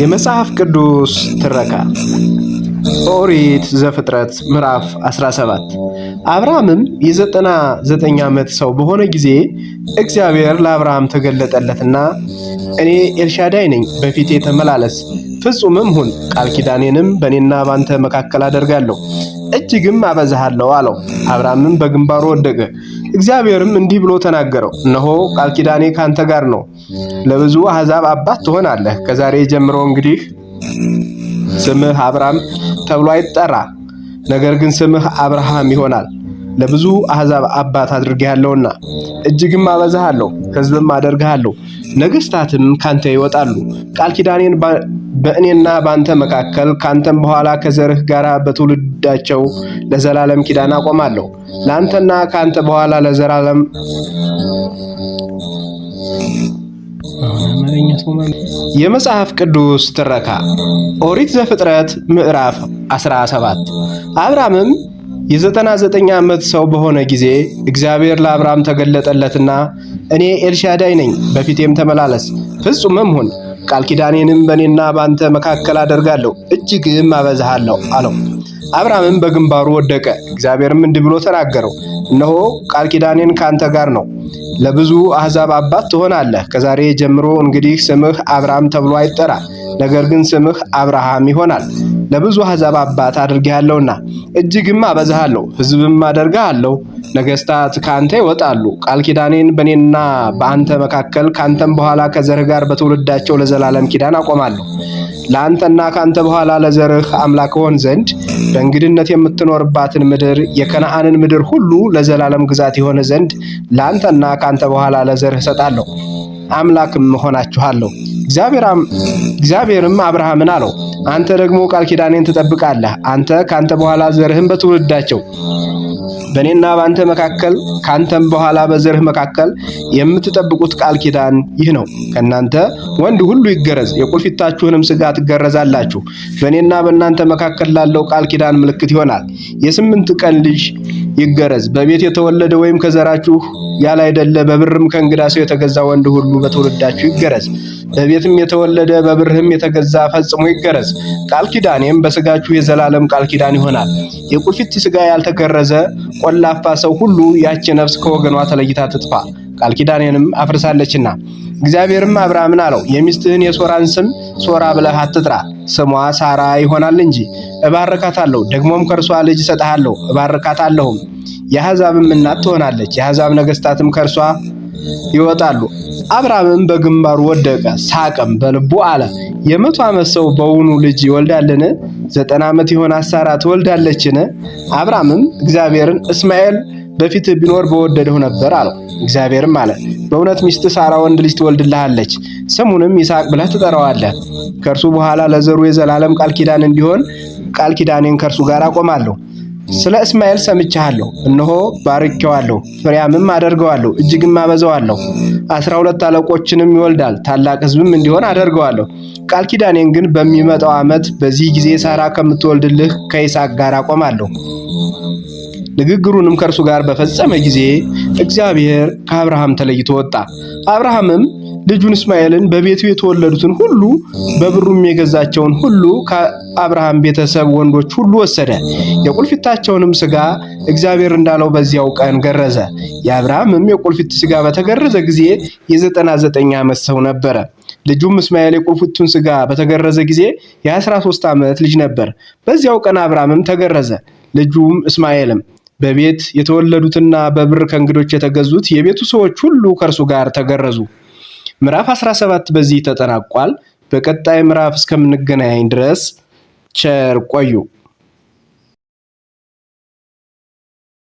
የመጽሐፍ ቅዱስ ትረካ ኦሪት ዘፍጥረት ምዕራፍ 17 አብርሃምም የዘጠና ዘጠኝ ዓመት ሰው በሆነ ጊዜ እግዚአብሔር ለአብርሃም ተገለጠለትና እኔ ኤልሻዳይ ነኝ፣ በፊቴ ተመላለስ፣ ፍጹምም ሁን፣ ቃል ኪዳኔንም በእኔና በአንተ መካከል አደርጋለሁ እጅግም አበዛሃለሁ አለው። አብርሃምም በግንባሩ ወደቀ። እግዚአብሔርም እንዲህ ብሎ ተናገረው፣ እነሆ ቃል ኪዳኔ ካንተ ጋር ነው፣ ለብዙ አሕዛብ አባት ትሆናለህ። ከዛሬ ጀምሮ እንግዲህ ስምህ አብራም ተብሎ አይጠራ፣ ነገር ግን ስምህ አብርሃም ይሆናል ለብዙ አሕዛብ አባት አድርጌሃለሁና እጅግም አበዛሃለሁ፣ ሕዝብም አደርግሃለሁ፣ ነገሥታትም ካንተ ይወጣሉ ቃል ኪዳኔን በእኔና በአንተ መካከል ካንተም በኋላ ከዘርህ ጋር በትውልዳቸው ለዘላለም ኪዳን አቆማለሁ። ለአንተና ከአንተ በኋላ ለዘላለም የመጽሐፍ ቅዱስ ትረካ ኦሪት ዘፍጥረት ምዕራፍ 17 አብራምም የ99 ዓመት ሰው በሆነ ጊዜ እግዚአብሔር ለአብርም ተገለጠለትና እኔ ኤልሻዳይ ነኝ፣ በፊቴም ተመላለስ፣ ፍጹምም ሁን። ቃል ኪዳኔንም በእኔና በአንተ መካከል አደርጋለሁ፣ እጅግም አበዛሃለሁ አለው። አብርሃምም በግንባሩ ወደቀ። እግዚአብሔርም እንዲህ ብሎ ተናገረው፣ እነሆ ቃል ኪዳኔን ከአንተ ጋር ነው፣ ለብዙ አሕዛብ አባት ትሆናለህ። ከዛሬ ጀምሮ እንግዲህ ስምህ አብርሃም ተብሎ አይጠራ፣ ነገር ግን ስምህ አብርሃም ይሆናል። ለብዙ አሕዛብ አባት አድርጌሃለሁና እጅግም አበዛሃለሁ፣ ሕዝብም አደርግሃለሁ ነገስታት ከአንተ ይወጣሉ። ቃል ኪዳኔን በእኔና በአንተ መካከል ከአንተም በኋላ ከዘርህ ጋር በትውልዳቸው ለዘላለም ኪዳን አቆማለሁ። ለአንተና ከአንተ በኋላ ለዘርህ አምላክ ሆን ዘንድ በእንግድነት የምትኖርባትን ምድር የከነአንን ምድር ሁሉ ለዘላለም ግዛት የሆነ ዘንድ ለአንተና ከአንተ በኋላ ለዘርህ እሰጣለሁ፣ አምላክም እሆናችኋለሁ። እግዚአብሔርም አብርሃምን አለው አንተ ደግሞ ቃል ኪዳኔን ትጠብቃለህ። አንተ ካንተ በኋላ ዘርህም በትውልዳቸው በእኔና በአንተ መካከል ካንተም በኋላ በዘርህ መካከል የምትጠብቁት ቃል ኪዳን ይህ ነው። ከእናንተ ወንድ ሁሉ ይገረዝ፣ የቁልፊታችሁንም ስጋ ትገረዛላችሁ። በእኔና በእናንተ መካከል ላለው ቃል ኪዳን ምልክት ይሆናል። የስምንት ቀን ልጅ ይገረዝ። በቤት የተወለደ ወይም ከዘራችሁ ያላይደለ በብርም ከእንግዳ ሰው የተገዛ ወንድ ሁሉ በትውልዳችሁ ይገረዝ። በቤትም የተወለደ በብርህም የተገዛ ፈጽሞ ይገረዝ። ቃል ኪዳኔም በስጋችሁ የዘላለም ቃል ኪዳን ይሆናል። የቁልፊት ስጋ ያልተገረዘ ቆላፋ ሰው ሁሉ ያቺ ነፍስ ከወገኗ ተለይታ ትጥፋ፣ ቃል ኪዳኔንም አፍርሳለችና። እግዚአብሔርም አብርሃምን አለው፣ የሚስትህን የሶራን ስም ሶራ ብለህ አትጥራ፣ ስሟ ሳራ ይሆናል እንጂ። እባርካታለሁ፣ ደግሞም ከእርሷ ልጅ እሰጥሃለሁ፣ እባርካታለሁም። የአሕዛብም እናት ትሆናለች፣ የአሕዛብ ነገሥታትም ከእርሷ ይወጣሉ። አብርሃምም በግንባሩ ወደቀ፣ ሳቀም፣ በልቡ አለ የመቶ ዓመት ሰው በውኑ ልጅ ይወልዳልን? ዘጠና ዓመት የሆነ ሳራ ትወልዳለችን? አብርሃምም እግዚአብሔርን እስማኤል በፊትህ ቢኖር በወደደው ነበር አለው። እግዚአብሔርም አለ በእውነት ሚስት ሳራ ወንድ ልጅ ትወልድልሃለች፣ ስሙንም ይስሐቅ ብለህ ትጠራዋለህ። ከእርሱ በኋላ ለዘሩ የዘላለም ቃል ኪዳን እንዲሆን ቃል ኪዳኔን ከእርሱ ጋር አቆማለሁ ስለ እስማኤል ሰምቻለሁ፣ እነሆ ባርኬዋለሁ፣ ፍሬያምም አደርገዋለሁ፣ እጅግም አበዛዋለሁ። አስራ ሁለት አለቆችንም ይወልዳል፣ ታላቅ ሕዝብም እንዲሆን አደርገዋለሁ። ቃል ኪዳኔን ግን በሚመጣው ዓመት በዚህ ጊዜ ሳራ ከምትወልድልህ ከይስሐቅ ጋር አቆማለሁ። ንግግሩንም ከእርሱ ጋር በፈጸመ ጊዜ እግዚአብሔር ከአብርሃም ተለይቶ ወጣ። አብርሃምም ልጁን እስማኤልን በቤቱ የተወለዱትን ሁሉ በብሩም የገዛቸውን ሁሉ ከአብርሃም ቤተሰብ ወንዶች ሁሉ ወሰደ። የቁልፊታቸውንም ስጋ እግዚአብሔር እንዳለው በዚያው ቀን ገረዘ። የአብርሃምም የቁልፊት ስጋ በተገረዘ ጊዜ የዘጠና ዘጠኝ ዓመት ሰው ነበረ። ልጁም እስማኤል የቁልፊቱን ስጋ በተገረዘ ጊዜ የ13 ዓመት ልጅ ነበር። በዚያው ቀን አብርሃምም ተገረዘ። ልጁም እስማኤልም በቤት የተወለዱትና በብር ከእንግዶች የተገዙት የቤቱ ሰዎች ሁሉ ከእርሱ ጋር ተገረዙ። ምዕራፍ 17 በዚህ ተጠናቋል። በቀጣይ ምዕራፍ እስከምንገናኝ ድረስ ቸር ቆዩ።